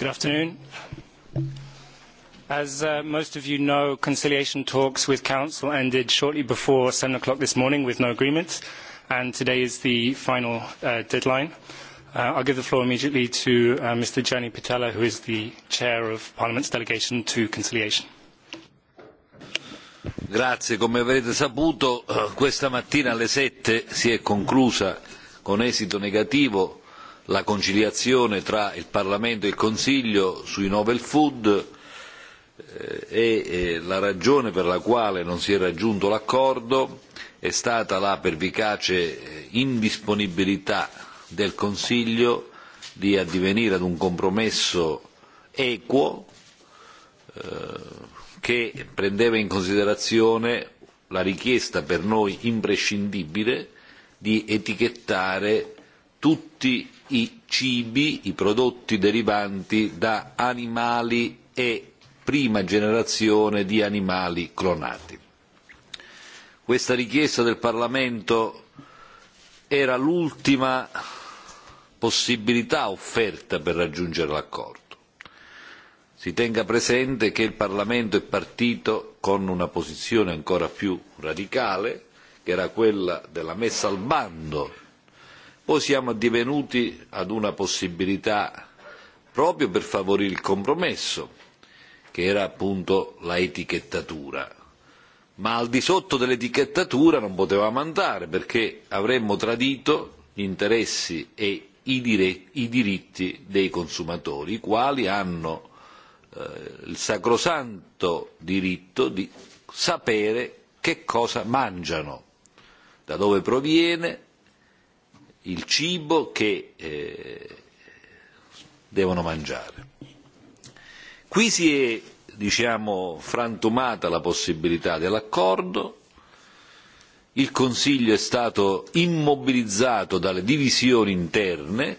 Good afternoon. As uh, most of you know, conciliation talks with Council ended shortly before 7 o'clock this morning with no agreement, and today is the final uh, deadline. Uh, I'll give the floor immediately to uh, Mr. Gianni Pitella, who is the Chair of Parliament's Delegation to Conciliation. Grazie. Come avrete saputo, eh, questa mattina alle 7 si è conclusa con esito negativo la conciliazione tra il Parlamento e il Consiglio sui novel food eh, e eh, la ragione per la quale non si è raggiunto l'accordo è stata la pervicace eh, indisponibilità del Consiglio di addivenire ad un compromesso equo che prendeva in considerazione la richiesta per noi imprescindibile di etichettare tutti i cibi, i prodotti derivanti da animali e prima generazione di animali clonati. Questa richiesta del Parlamento era l'ultima possibilità offerta per raggiungere l'accordo. Si tenga presente che il Parlamento è partito con una posizione ancora più radicale, che era quella della messa al bando o siamo addivenuti ad una possibilità proprio per favorire il compromesso, che era appunto la etichettatura. Ma al di sotto dell'etichettatura non potevamo andare perché avremmo tradito gli interessi e i, dire- i diritti dei consumatori, i quali hanno eh, il sacrosanto diritto di sapere che cosa mangiano, da dove proviene, il cibo che eh, devono mangiare. Qui si è diciamo, frantumata la possibilità dell'accordo, il Consiglio è stato immobilizzato dalle divisioni interne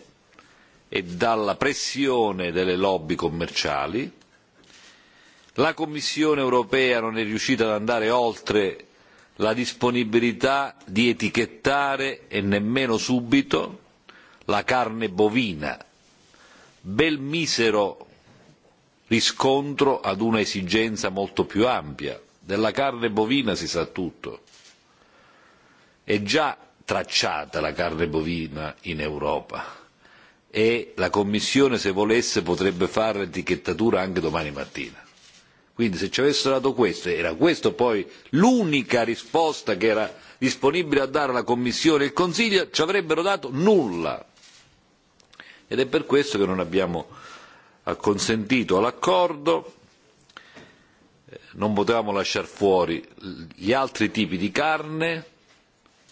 e dalla pressione delle lobby commerciali, la Commissione europea non è riuscita ad andare oltre la disponibilità di etichettare e nemmeno subito la carne bovina, bel misero riscontro ad una esigenza molto più ampia. Della carne bovina si sa tutto. È già tracciata la carne bovina in Europa e la Commissione, se volesse, potrebbe fare l'etichettatura anche domani mattina. Quindi se ci avessero dato questo, era questa poi l'unica risposta che era disponibile a dare la Commissione e il Consiglio, ci avrebbero dato nulla. Ed è per questo che non abbiamo acconsentito all'accordo, non potevamo lasciar fuori gli altri tipi di carne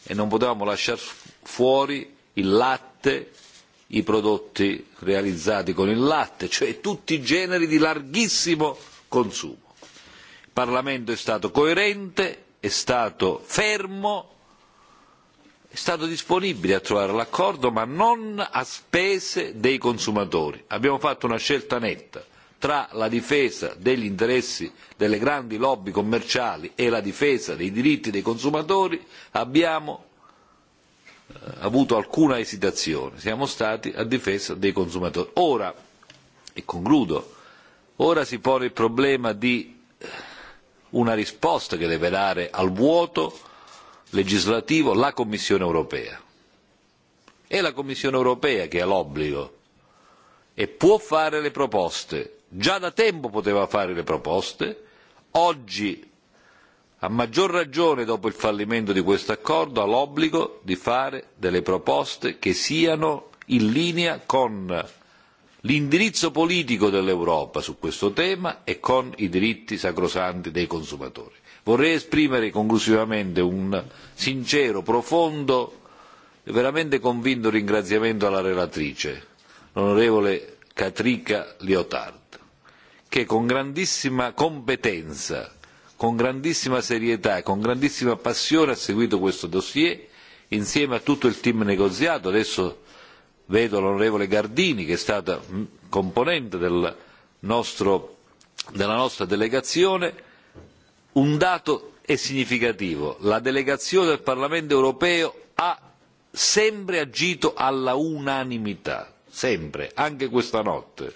e non potevamo lasciar fuori il latte, i prodotti realizzati con il latte, cioè tutti i generi di larghissimo consumo. Il Parlamento è stato coerente, è stato fermo, è stato disponibile a trovare l'accordo ma non a spese dei consumatori. Abbiamo fatto una scelta netta tra la difesa degli interessi delle grandi lobby commerciali e la difesa dei diritti dei consumatori abbiamo eh, avuto alcuna esitazione, siamo stati a difesa dei consumatori. Ora, e concludo, Ora si pone il problema di eh, una risposta che deve dare al vuoto legislativo la Commissione europea. È la Commissione europea che ha l'obbligo e può fare le proposte. Già da tempo poteva fare le proposte, oggi a maggior ragione dopo il fallimento di questo accordo ha l'obbligo di fare delle proposte che siano in linea con l'indirizzo politico dell'Europa su questo tema e con i diritti sacrosanti dei consumatori. Vorrei esprimere conclusivamente un sincero, profondo e veramente convinto ringraziamento alla relatrice, l'onorevole Catrica Liotard, che con grandissima competenza, con grandissima serietà e con grandissima passione ha seguito questo dossier insieme a tutto il team negoziato. Adesso vedo l'onorevole Gardini che è stata mm, componente del nostro, della nostra delegazione, un dato è significativo. La delegazione del Parlamento europeo ha sempre agito alla unanimità, sempre, anche questa notte,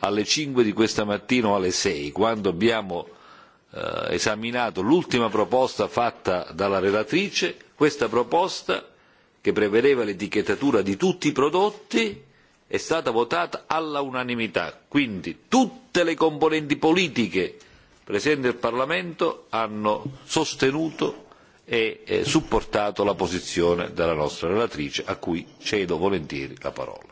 alle 5 di questa mattina o alle 6, quando abbiamo eh, esaminato l'ultima proposta fatta dalla relatrice, questa proposta che prevedeva l'etichettatura di tutti i prodotti è stata votata all'unanimità. Quindi tutte le componenti politiche presenti nel Parlamento hanno sostenuto e eh, supportato la posizione della nostra relatrice, a cui cedo volentieri la parola.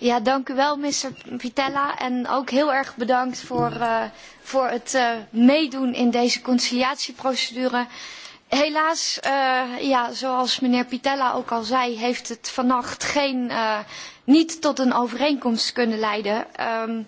Ja, dank u wel, minister Pitella. En ook heel erg bedankt voor, uh, voor het uh, meedoen in deze conciliatieprocedure. Helaas, uh, ja, zoals meneer Pitella ook al zei, heeft het vannacht geen, uh, niet tot een overeenkomst kunnen leiden. Um,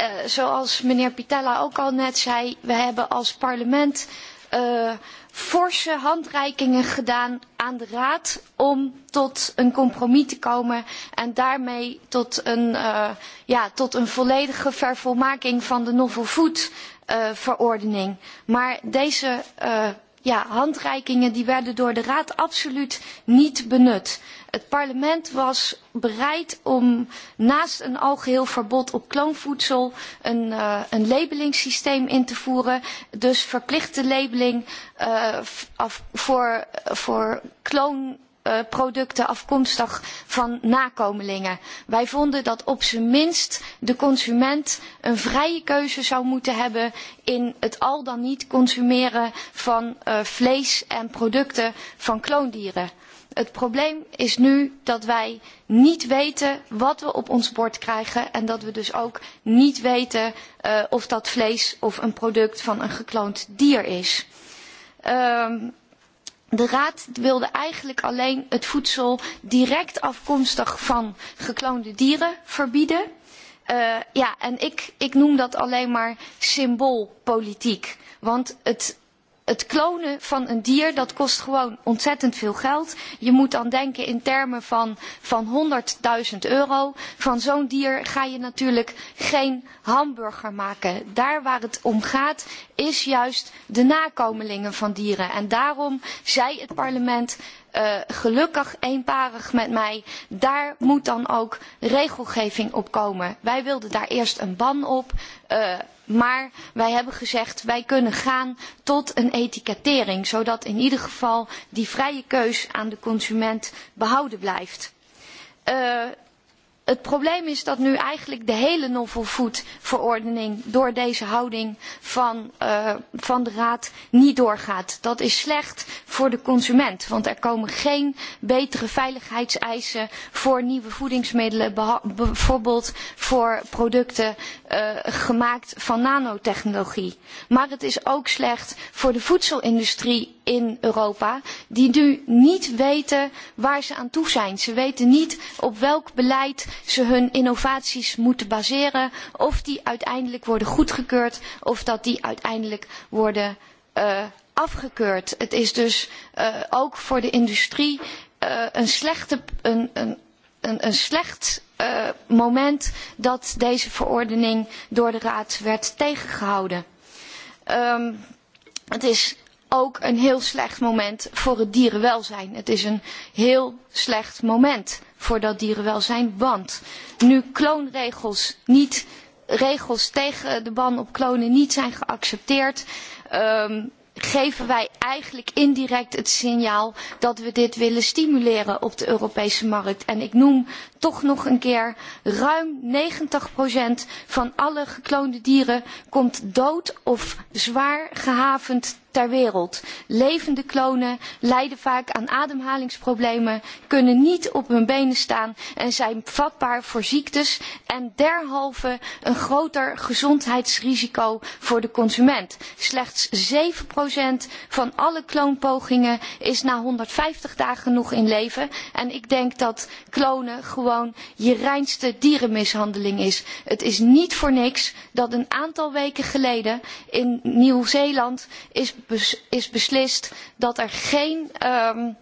uh, zoals meneer Pitella ook al net zei, we hebben als parlement... Uh, forse handreikingen gedaan aan de Raad om tot een compromis te komen en daarmee tot een, uh, ja, tot een volledige vervolmaking van de novel food uh, verordening. Maar deze uh, ja, handreikingen die werden door de Raad absoluut niet benut. Het parlement was bereid om naast een algeheel verbod op kloonvoedsel een, uh, een labelingssysteem in te voeren. Dus verplichte labeling uh, af, voor, eh, voor kloon Eh, producten afkomstig van nakomelingen. Wij vonden dat op zijn minst de consument een vrije keuze zou moeten hebben in het al dan niet consumeren van uh, vlees en producten van kloondieren. Het probleem is nu dat wij niet weten wat we op ons bord krijgen en dat we dus ook niet weten uh, of dat vlees of een product van een gekloond dier is. Um, uh, de Raad wilde eigenlijk alleen het voedsel direct afkomstig van gekloonde dieren verbieden. Uh, ja, en ik, ik noem dat alleen maar symboolpolitiek. Want het het klonen van een dier dat kost gewoon ontzettend veel geld. Je moet dan denken in termen van, van 100.000 euro. Van zo'n dier ga je natuurlijk geen hamburger maken. Daar waar het om gaat is juist de nakomelingen van dieren. En daarom zei het parlement uh, gelukkig eenparig met mij, daar moet dan ook regelgeving op komen. Wij wilden daar eerst een ban op. Uh, Maar wij hebben gezegd wij kunnen gaan tot een etikettering, zodat in ieder geval die vrije keus aan de consument behouden blijft. Uh, het probleem is dat nu eigenlijk de hele novel food verordening door deze houding van, uh, van de raad niet doorgaat. Dat is slecht voor de consument, want er komen geen betere veiligheidseisen voor nieuwe voedingsmiddelen, bijvoorbeeld voor producten uh, gemaakt van nanotechnologie. Maar het is ook slecht voor de voedselindustrie in Europa die nu niet weten waar ze aan toe zijn. Ze weten niet op welk beleid ze hun innovaties moeten baseren, of die uiteindelijk worden goedgekeurd of dat die uiteindelijk worden uh, afgekeurd. Het is dus uh, ook voor de industrie uh, een, slechte, een, een, een, slecht uh, moment dat deze verordening door de Raad werd tegengehouden. Um, het is ook een heel slecht moment voor het dierenwelzijn. Het is een heel slecht moment voor dat dierenwelzijn, want nu kloonregels niet, regels tegen de ban op klonen niet zijn geaccepteerd, um, geven wij eigenlijk indirect het signaal dat we dit willen stimuleren op de Europese markt. En ik noem toch nog een keer ruim 90% van alle gekloonde dieren komt dood of zwaar gehavend ter wereld. Levende klonen lijden vaak aan ademhalingsproblemen, kunnen niet op hun benen staan en zijn vatbaar voor ziektes en derhalve een groter gezondheidsrisico voor de consument. Slechts 7% van alle kloonpogingen is na 150 dagen nog in leven en ik denk dat klonen gewoon je reinste dierenmishandeling is. Het is niet voor niks dat een aantal weken geleden in Nieuw-Zeeland is is beslist dat er geen, um,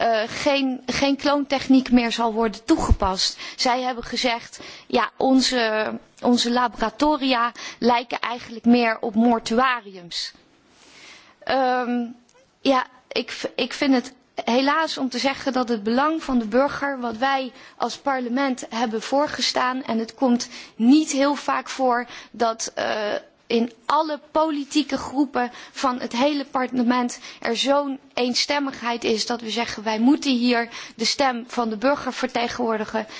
uh, geen, geen kloontechniek meer zal worden toegepast. Zij hebben gezegd, ja, onze, onze laboratoria lijken eigenlijk meer op mortuariums. Um, ja, ik, ik vind het helaas om te zeggen dat het belang van de burger, wat wij als parlement hebben voorgestaan, en het komt niet heel vaak voor dat uh, in alle politieke groepen van het hele parlement er zo'n eenstemmigheid is dat we zeggen wij moeten hier de stem van de burger vertegenwoordigen. 77%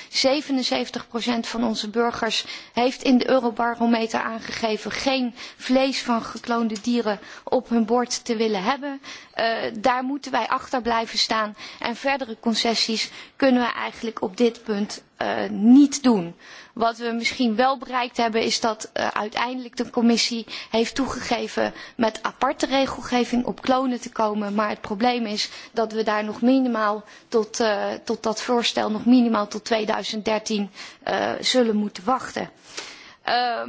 van onze burgers heeft in de Eurobarometer aangegeven geen vlees van gekloonde dieren op hun bord te willen hebben. Uh, daar moeten wij achter blijven staan en verdere concessies kunnen we eigenlijk op dit punt uh, niet doen. Wat we misschien wel bereikt hebben is dat uh, uiteindelijk de commissie heeft toegegeven met aparte regelgeving op klonen te komen. Maar het probleem is dat we daar nog minimaal tot, uh, tot dat voorstel nog minimaal tot 2013 uh, zullen moeten wachten. Uh,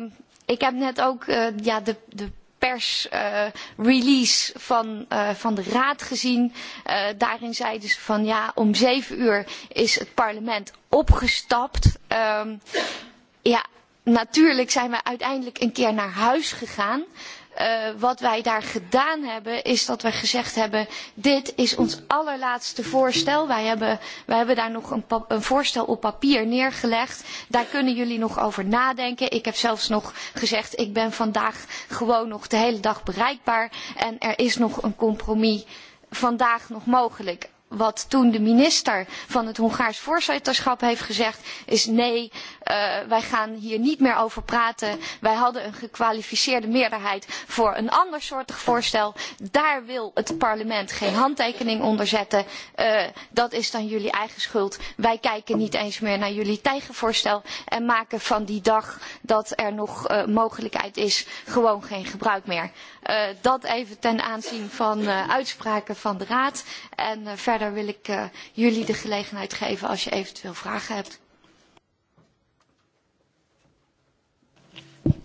ik heb net ook uh, ja, de, de persrelease eh, uh, van, uh, van de Raad gezien. Uh, daarin zeiden ze van ja, om zeven uur is het parlement opgestapt. Um, ja, natuurlijk zijn we uiteindelijk een keer naar huis gegaan. Uh, wat wij daar gedaan hebben is dat wij gezegd hebben dit is ons allerlaatste voorstel. Wij hebben, wij hebben daar nog een, een voorstel op papier neergelegd. Daar kunnen jullie nog over nadenken. Ik heb zelfs nog gezegd ik ben vandaag gewoon nog de hele dag bereikbaar en er is nog een compromis vandaag nog mogelijk wat toen de minister van het Hongaars voorzitterschap heeft gezegd is nee, uh, wij gaan hier niet meer over praten. Wij hadden een gekwalificeerde meerderheid voor een ander soortig voorstel. Daar wil het parlement geen handtekening onder zetten. Uh, dat is dan jullie eigen schuld. Wij kijken niet eens meer naar jullie tegenvoorstel en maken van die dag dat er nog uh, mogelijkheid is gewoon geen gebruik meer. Uh, dat even ten aanzien van uh, uitspraken van de Raad. En uh, verder verder wil ik uh, jullie de gelegenheid geven als je eventueel vragen hebt.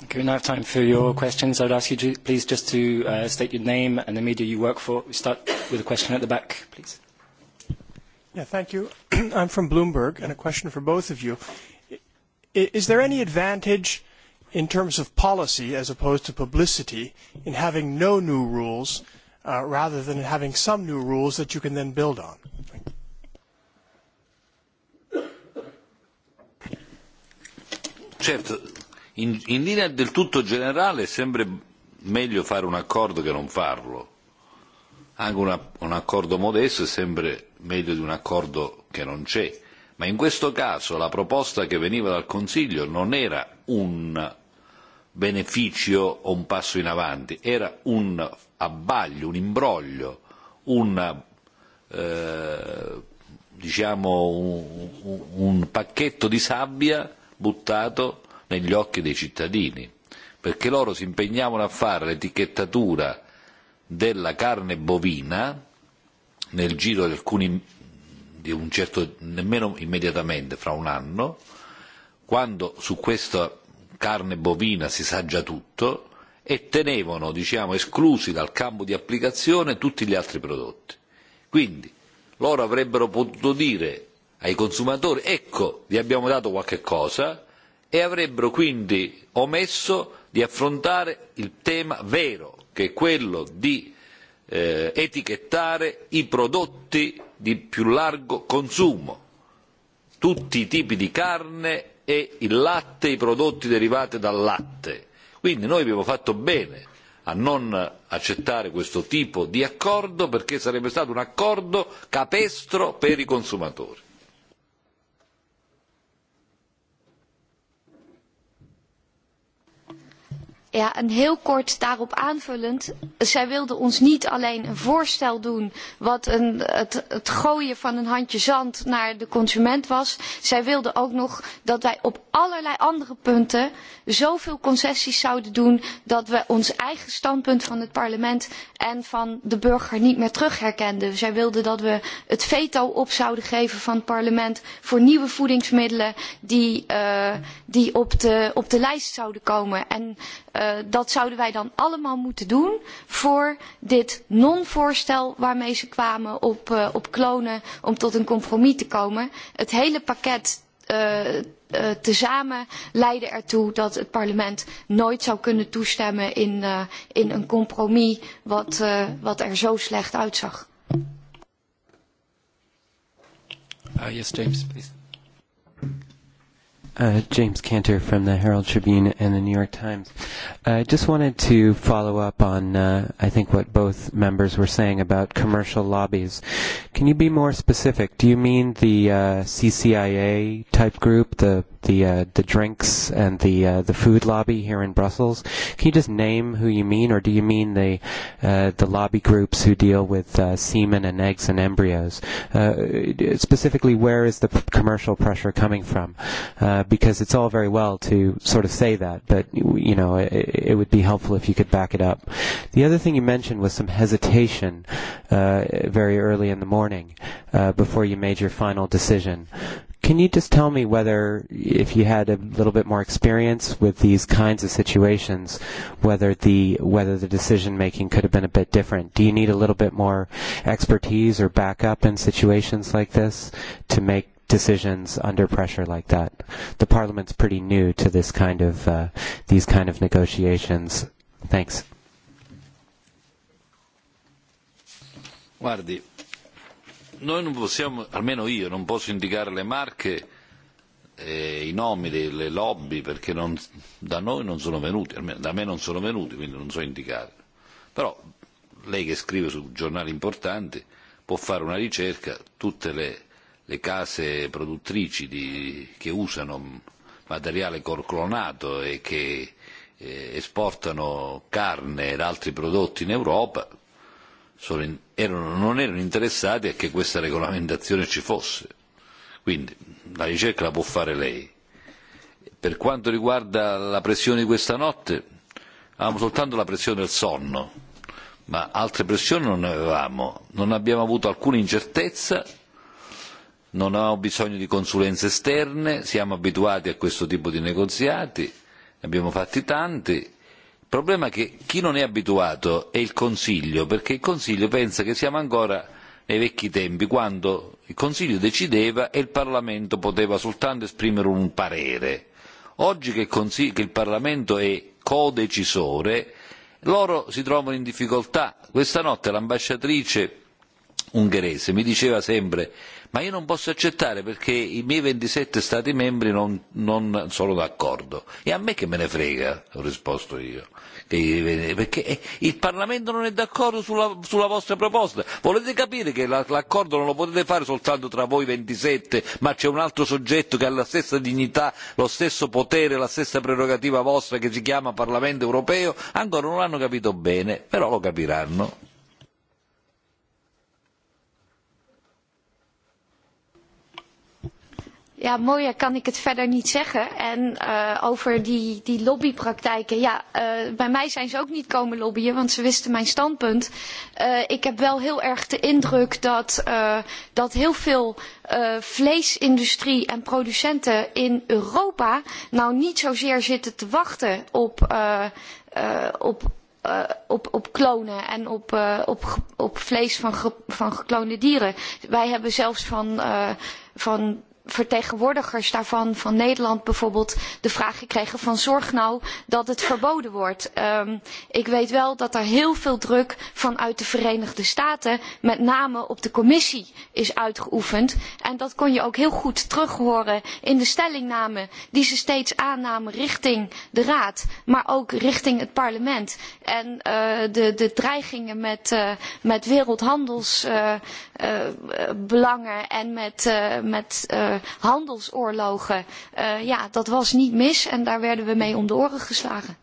We now have time for your questions. I would ask you to please just to uh, state your name and the media you work for. We start with a question at the back, please. Yeah, thank you. I'm from Bloomberg, and a question for both of you. Is there any advantage in terms of policy as opposed to publicity in having no new rules uh, rather than having some new rules that you can then build on. Certo, in, in linea del tutto generale è sempre meglio fare un accordo che non farlo. Anche una, un accordo modesto è sempre meglio di un accordo che non c'è. Ma in questo caso la proposta che veniva dal Consiglio non era un beneficio o un passo in avanti, era un abbaglio, un imbroglio, un, eh, diciamo un, un pacchetto di sabbia buttato negli occhi dei cittadini, perché loro si impegnavano a fare l'etichettatura della carne bovina nel giro di alcuni di un certo nemmeno immediatamente fra un anno, quando su questa carne bovina si sa già tutto, e tenevano diciamo, esclusi dal campo di applicazione tutti gli altri prodotti. Quindi loro avrebbero potuto dire ai consumatori ecco vi abbiamo dato qualche cosa e avrebbero quindi omesso di affrontare il tema vero che è quello di eh, etichettare i prodotti di più largo consumo, tutti i tipi di carne e il latte e i prodotti derivati dal latte Quindi noi abbiamo fatto bene a non accettare questo tipo di accordo perché sarebbe stato un accordo capestro per i consumatori. en heel kort daarop aanvullend. Zij wilde ons niet alleen een voorstel doen wat een, het, het gooien van een handje zand naar de consument was. Zij wilde ook nog dat wij op allerlei andere punten zoveel concessies zouden doen dat we ons eigen standpunt van het parlement en van de burger niet meer terugherkenden. Zij wilde dat we het veto op zouden geven van het parlement voor nieuwe voedingsmiddelen die, uh, die op, de, op de lijst zouden komen. En uh, uh, dat zouden wij dan allemaal moeten doen voor dit non-voorstel waarmee ze kwamen op, uh, op klonen om tot een compromis te komen. Het hele pakket uh, uh, tezamen leidde ertoe dat het parlement nooit zou kunnen toestemmen in, uh, in een compromis wat, uh, wat er zo slecht uitzag. Uh, yes, James, please. Uh, James Cantor from the Herald Tribune and the New York Times. I uh, just wanted to follow up on, uh, I think, what both members were saying about commercial lobbies. Can you be more specific? Do you mean the uh, CCIA type group, the the uh, the drinks and the uh, the food lobby here in Brussels. Can you just name who you mean, or do you mean the uh, the lobby groups who deal with uh, semen and eggs and embryos? Uh, specifically, where is the p- commercial pressure coming from? Uh, because it's all very well to sort of say that, but you know it, it would be helpful if you could back it up. The other thing you mentioned was some hesitation uh, very early in the morning uh, before you made your final decision. Uh, Can you just tell me whether, if you had a little bit more experience with these kinds of situations, whether the whether the decision making could have been a bit different? Do you need a little bit more expertise or backup in situations like this to make decisions under pressure like that? The Parliament's pretty new to this kind of uh, these kind of negotiations. Thanks. Guardi, noi non possiamo, almeno io non posso indicare le marche eh, i nomi delle lobby perché non, da noi non sono venuti, almeno da me non sono venuti, quindi non so indicare. Però lei che scrive su giornali importanti può fare una ricerca, tutte le, le case produttrici di, che usano materiale clonato e che eh, esportano carne ed altri prodotti in Europa solo erano, non erano interessati a che questa regolamentazione ci fosse. Quindi la ricerca la può fare lei. Per quanto riguarda la pressione di questa notte, avevamo soltanto la pressione del sonno, ma altre pressioni non ne avevamo. Non abbiamo avuto alcuna incertezza, non avevamo bisogno di consulenze esterne, siamo abituati a questo tipo di negoziati, ne abbiamo fatti tanti Il problema è che chi non è abituato è il Consiglio, perché il Consiglio pensa che siamo ancora nei vecchi tempi, quando il Consiglio decideva e il Parlamento poteva soltanto esprimere un parere. Oggi che il, Consiglio, che il Parlamento è codecisore, loro si trovano in difficoltà. Questa notte l'ambasciatrice ungherese mi diceva sempre ma io non posso accettare perché i miei 27 Stati membri non, non sono d'accordo. E a me che me ne frega, ho risposto io. perché eh, il Parlamento non è d'accordo sulla, sulla vostra proposta. Volete capire che la, l'accordo non lo potete fare soltanto tra voi 27, ma c'è un altro soggetto che ha la stessa dignità, lo stesso potere, la stessa prerogativa vostra che si chiama Parlamento europeo? Ancora non l'hanno capito bene, però lo capiranno. Ja, mooier kan ik het verder niet zeggen. En uh, over die, die lobbypraktijken. Ja, uh, bij mij zijn ze ook niet komen lobbyen, want ze wisten mijn standpunt. Uh, ik heb wel heel erg de indruk dat, uh, dat heel veel uh, vleesindustrie en producenten in Europa nou niet zozeer zitten te wachten op, uh, uh, op uh, op, op klonen en op, uh, op, op vlees van, ge, van gekloonde dieren. Wij hebben zelfs van, uh, van vertegenwoordigers daarvan van Nederland bijvoorbeeld de vraag gekregen van zorg nou dat het verboden wordt. Um, ik weet wel dat er heel veel druk vanuit de Verenigde Staten met name op de commissie is uitgeoefend en dat kon je ook heel goed terug horen in de stellingname die ze steeds aannamen richting de Raad, maar ook richting het parlement. En uh, de, de dreigingen met, uh, met wereldhandelsbelangen uh, uh, en met, uh, met uh, handelsoorlogen. Eh, ja, dat was niet mis en daar werden we mee om de oren geslagen.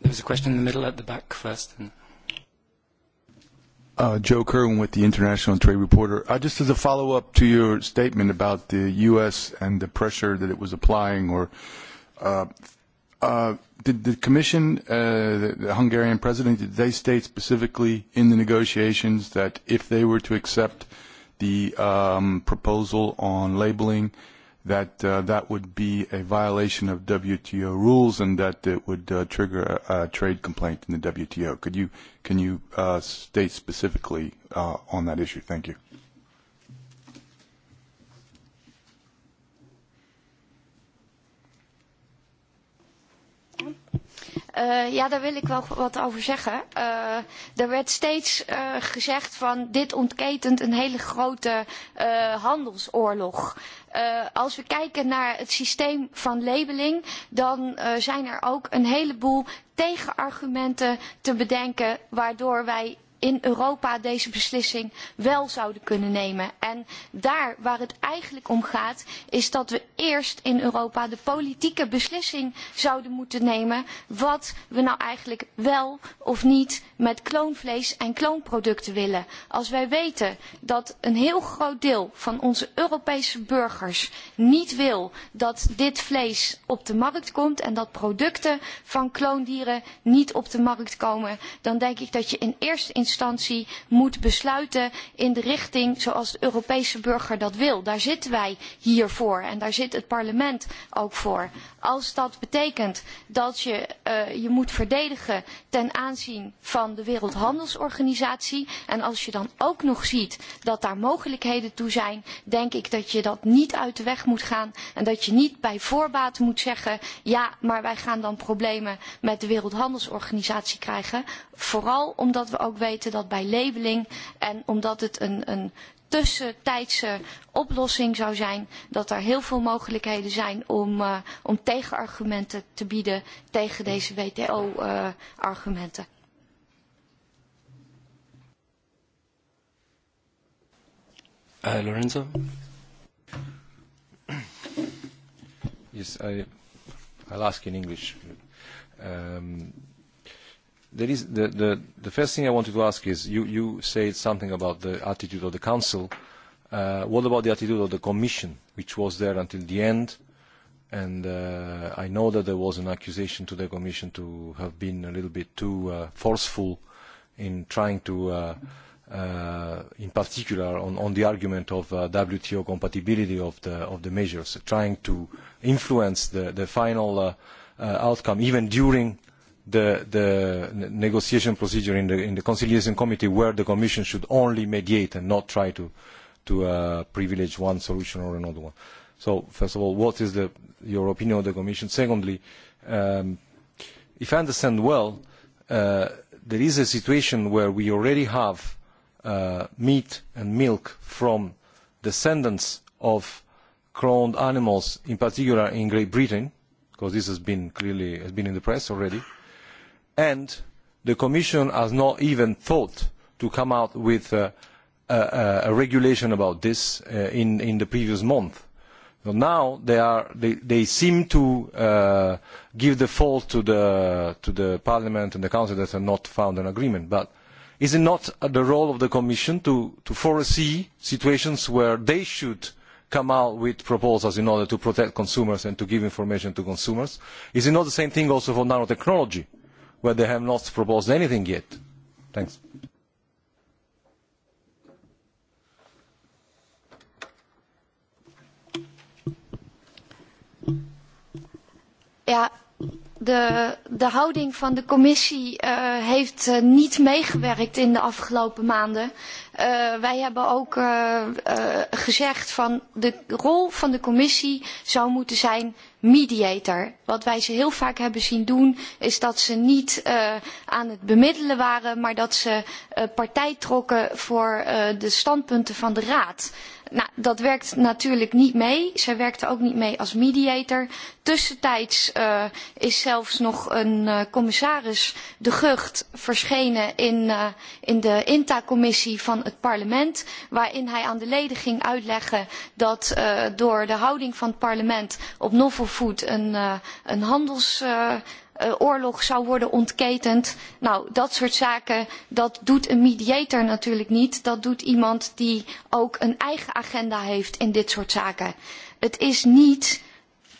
There was a question in the middle at the back first. Uh, Joe Kerwin with the International Trade Reporter. Uh, just as a follow-up to your statement about the U.S. and the pressure that it was applying or uh, Uh, did the Commission, uh, the, the Hungarian President, did they state specifically in the negotiations that if they were to accept the um, proposal on labeling, that uh, that would be a violation of WTO rules and that it would uh, trigger a, a trade complaint in the WTO? Could you can you uh, state specifically uh, on that issue? Thank you. Uh, Uh, ja, daar wil ik wel wat over zeggen. Uh, er werd steeds uh, gezegd van dit ontketent een hele grote uh, handelsoorlog. Uh, als we kijken naar het systeem van labeling, dan uh, zijn er ook een heleboel tegenargumenten te bedenken waardoor wij in Europa deze beslissing wel zouden kunnen nemen. En daar waar het eigenlijk om gaat, is dat we eerst in Europa de politieke beslissing zouden moeten nemen wat we nou eigenlijk wel of niet met kloonvlees en kloonproducten willen. Als wij weten dat een heel groot deel van onze Europese burgers niet wil dat dit vlees op de markt komt en dat producten van kloondieren niet op de markt komen, dan denk ik dat je in eerste instantie moet besluiten in de richting zoals de Europese burger dat wil. Daar zitten wij hier voor en daar zit het parlement ook voor. Als dat betekent dat je uh, je moet verdedigen ten aanzien van de Wereldhandelsorganisatie en als je dan ook nog ziet dat daar mogelijkheden toe zijn, denk ik dat je dat niet uit de weg moet gaan en dat je niet bij voorbaat moet zeggen ja, maar wij gaan dan problemen met de Wereldhandelsorganisatie krijgen. Vooral omdat we ook weten weten dat bij labeling en omdat het een, een tussentijdse oplossing zou zijn dat er heel veel mogelijkheden zijn om, uh, om tegenargumenten te bieden tegen deze WTO-argumenten. Eh, uh, eh, Uh, Lorenzo? Yes, I, I'll ask in English. Um, there is the, the, the first thing I wanted to ask is you, you said something about the attitude of the Council. Uh, what about the attitude of the Commission, which was there until the end? And uh, I know that there was an accusation to the Commission to have been a little bit too uh, forceful in trying to, uh, uh, in particular, on, on the argument of uh, WTO compatibility of the, of the measures, trying to influence the, the final uh, uh, outcome even during the, the negotiation procedure in the, in the conciliation committee where the commission should only mediate and not try to, to uh, privilege one solution or another one. So first of all, what is the, your opinion of the commission? Secondly, um, if I understand well, uh, there is a situation where we already have uh, meat and milk from descendants of cloned animals, in particular in Great Britain, because this has been clearly has been in the press already and the commission has not even thought to come out with a, regulation about this uh, in, the previous month. now they, seem to uh, give the fault to parliament and the council that have not found an agreement. But is it not the role of the commission to foresee situations where they should come out with proposals in order to protect consumers and to give information to consumers? Is it not the same thing also for nanotechnology? where they have not proposed anything yet. Thanks. Yeah de, de houding van de commissie uh, heeft uh, niet meegewerkt in de afgelopen maanden. Uh, wij hebben ook uh, uh, gezegd van de rol van de commissie zou moeten zijn mediator. Wat wij ze heel vaak hebben zien doen is dat ze niet uh, aan het bemiddelen waren, maar dat ze uh, partij trokken voor uh, de standpunten van de raad. Uh, Nou, dat werkt natuurlijk niet mee. Zij werkte ook niet mee als mediator. Tussentijds uh, is zelfs nog een uh, commissaris de Gucht verschenen in, uh, in de INTA-commissie van het parlement. Waarin hij aan de leden ging uitleggen dat uh, door de houding van het parlement op novel food een, uh, een handels... Uh, Eh, oorlog zou worden ontketend. Nou, dat soort zaken, dat doet een mediator natuurlijk niet. Dat doet iemand die ook een eigen agenda heeft in dit soort zaken. Het is niet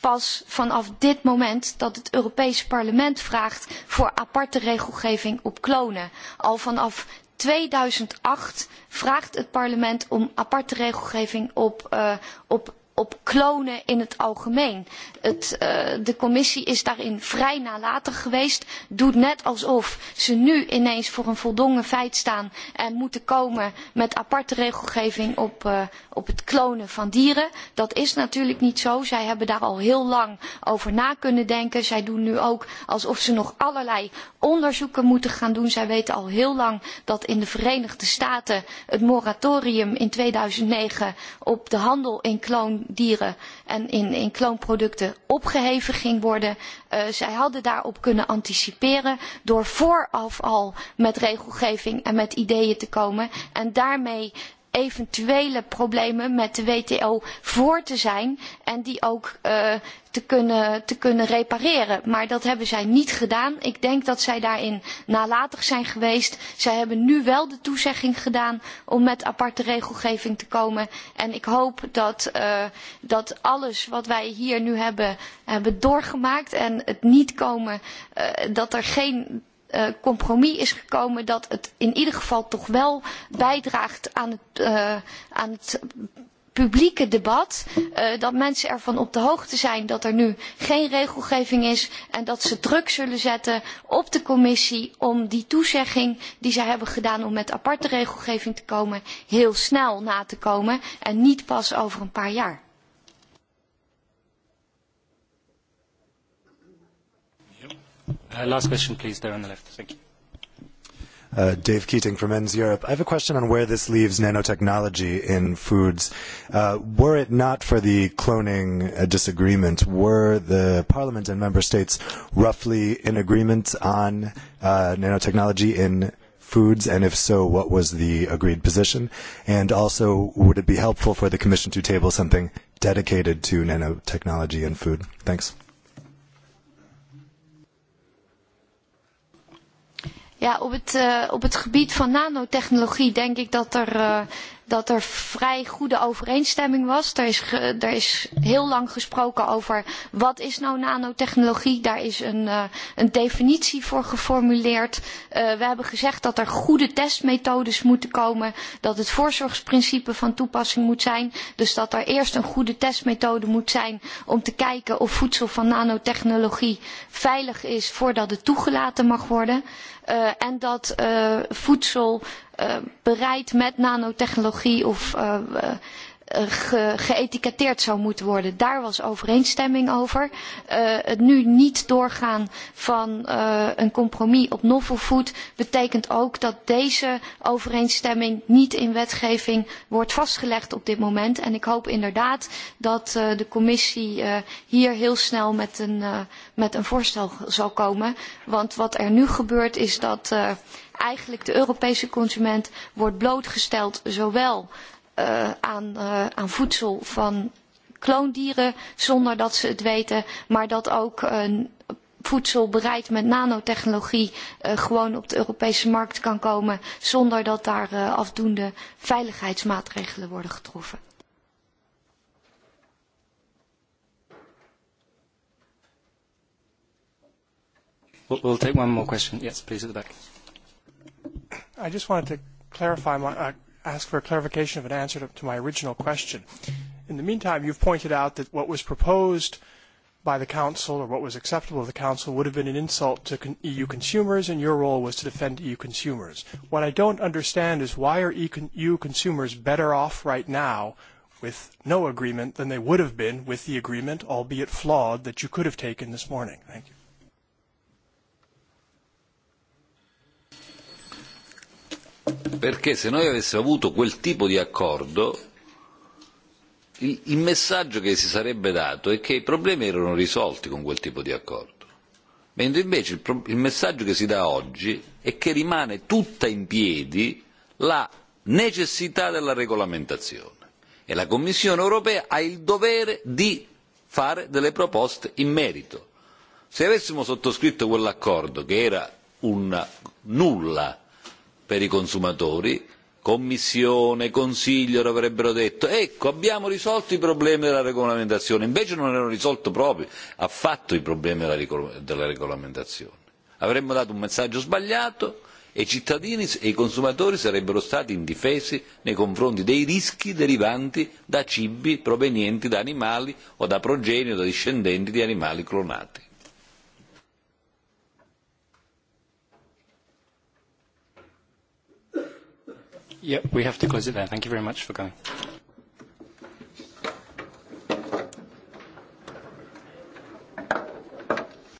pas vanaf dit moment dat het Europese parlement vraagt voor aparte regelgeving op klonen. Al vanaf 2008 vraagt het parlement om aparte regelgeving op, uh, op op klonen in het algemeen. Het, uh, de commissie is daarin vrij nalatig geweest. Doet net alsof ze nu ineens voor een voldongen feit staan en moeten komen met aparte regelgeving op, uh, op het klonen van dieren. Dat is natuurlijk niet zo. Zij hebben daar al heel lang over na kunnen denken. Zij doen nu ook alsof ze nog allerlei onderzoeken moeten gaan doen. Zij weten al heel lang dat in de Verenigde Staten het moratorium in 2009 op de handel in kloon dieren en in, in kloonproducten opgeheven ging worden. Uh, zij hadden daarop kunnen anticiperen door vooraf al met regelgeving en met ideeën te komen en daarmee eventuele problemen met de WTO voor te zijn en die ook uh, te, kunnen, te kunnen repareren. Maar dat hebben zij niet gedaan. Ik denk dat zij daarin nalatig zijn geweest. Zij hebben nu wel de toezegging gedaan om met aparte regelgeving te komen. En ik hoop dat, uh, dat alles wat wij hier nu hebben, hebben doorgemaakt en het niet komen, uh, dat er geen Eh, compromis is gekomen dat het in ieder geval toch wel bijdraagt aan het, uh, aan het publieke debat. Uh, dat mensen ervan op de hoogte zijn dat er nu geen regelgeving is. En dat ze druk zullen zetten op de commissie om die toezegging die zij hebben gedaan om met aparte regelgeving te komen heel snel na te komen. En niet pas over een paar jaar. Uh, last question, please, there on the left. Thank you. Uh, Dave Keating from Ends Europe. I have a question on where this leaves nanotechnology in foods. Uh, were it not for the cloning uh, disagreement, were the Parliament and Member States roughly in agreement on uh, nanotechnology in foods? And if so, what was the agreed position? And also, would it be helpful for the Commission to table something dedicated to nanotechnology in food? Thanks. Ja, op het, uh, op het gebied van nanotechnologie denk ik dat er uh, dat er vrij goede overeenstemming was. Er is, er is heel lang gesproken over wat is nou nanotechnologie. Daar is een, uh, een definitie voor geformuleerd. Uh, we hebben gezegd dat er goede testmethodes moeten komen. Dat het voorzorgsprincipe van toepassing moet zijn. Dus dat er eerst een goede testmethode moet zijn om te kijken of voedsel van nanotechnologie veilig is voordat het toegelaten mag worden. Uh, en dat uh, voedsel Eh, bereid met nanotechnologie of uh, Eh, ge geëtiketteerd zou moeten worden. Daar was overeenstemming over. Uh, het nu niet doorgaan van uh, een compromis op novel food betekent ook dat deze overeenstemming niet in wetgeving wordt vastgelegd op dit moment. En ik hoop inderdaad dat uh, de commissie uh, hier heel snel met een, uh, met een voorstel zal komen. Want wat er nu gebeurt is dat uh, eigenlijk de Europese consument wordt blootgesteld zowel uh, aan, uh, aan voedsel van kloondieren zonder dat ze het weten, maar dat ook uh, voedsel bereid met nanotechnologie uh, gewoon op de Europese markt kan komen zonder dat daar uh, afdoende veiligheidsmaatregelen worden getroffen. We'll, take one more question. Yes, please, at the back. I just wanted to clarify my, uh, ask for a clarification of an answer to, to my original question. In the meantime, you've pointed out that what was proposed by the Council or what was acceptable to the Council would have been an insult to con EU consumers, and your role was to defend EU consumers. What I don't understand is why are EU e consumers better off right now with no agreement than they would have been with the agreement, albeit flawed, that you could have taken this morning? Thank you. Perché se noi avessimo avuto quel tipo di accordo, il, il messaggio che si sarebbe dato è che i problemi erano risolti con quel tipo di accordo. Mentre invece il, il messaggio che si dà oggi è che rimane tutta in piedi la necessità della regolamentazione e la Commissione europea ha il dovere di fare delle proposte in merito. Se avessimo sottoscritto quell'accordo che era un nulla per i consumatori, Commissione, Consiglio avrebbero detto ecco abbiamo risolto i problemi della regolamentazione, invece non hanno risolto proprio affatto i problemi della regolamentazione. Avremmo dato un messaggio sbagliato e i cittadini e i consumatori sarebbero stati indifesi nei confronti dei rischi derivanti da cibi provenienti da animali o da progenie o da discendenti di animali clonati. Yep, we have to close it there. Thank you very much for coming.